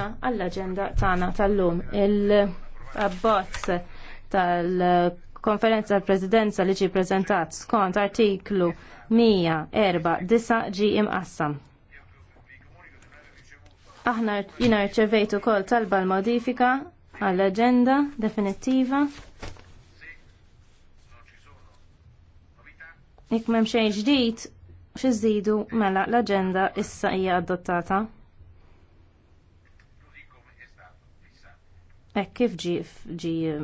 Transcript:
issa għall-aġenda tagħna tal-lum. Il-abbozz tal-konferenza tal-presidenza li ġie ppreżentat skont artiklu 104 ġie imqassam. Aħna jina rċevejtu ukoll talba l-modifika għall-aġenda definittiva. Jekk m'hemm xejn ġdid, xi żidu mela l-aġenda issa hija adottata. Hekk kif ġi eh,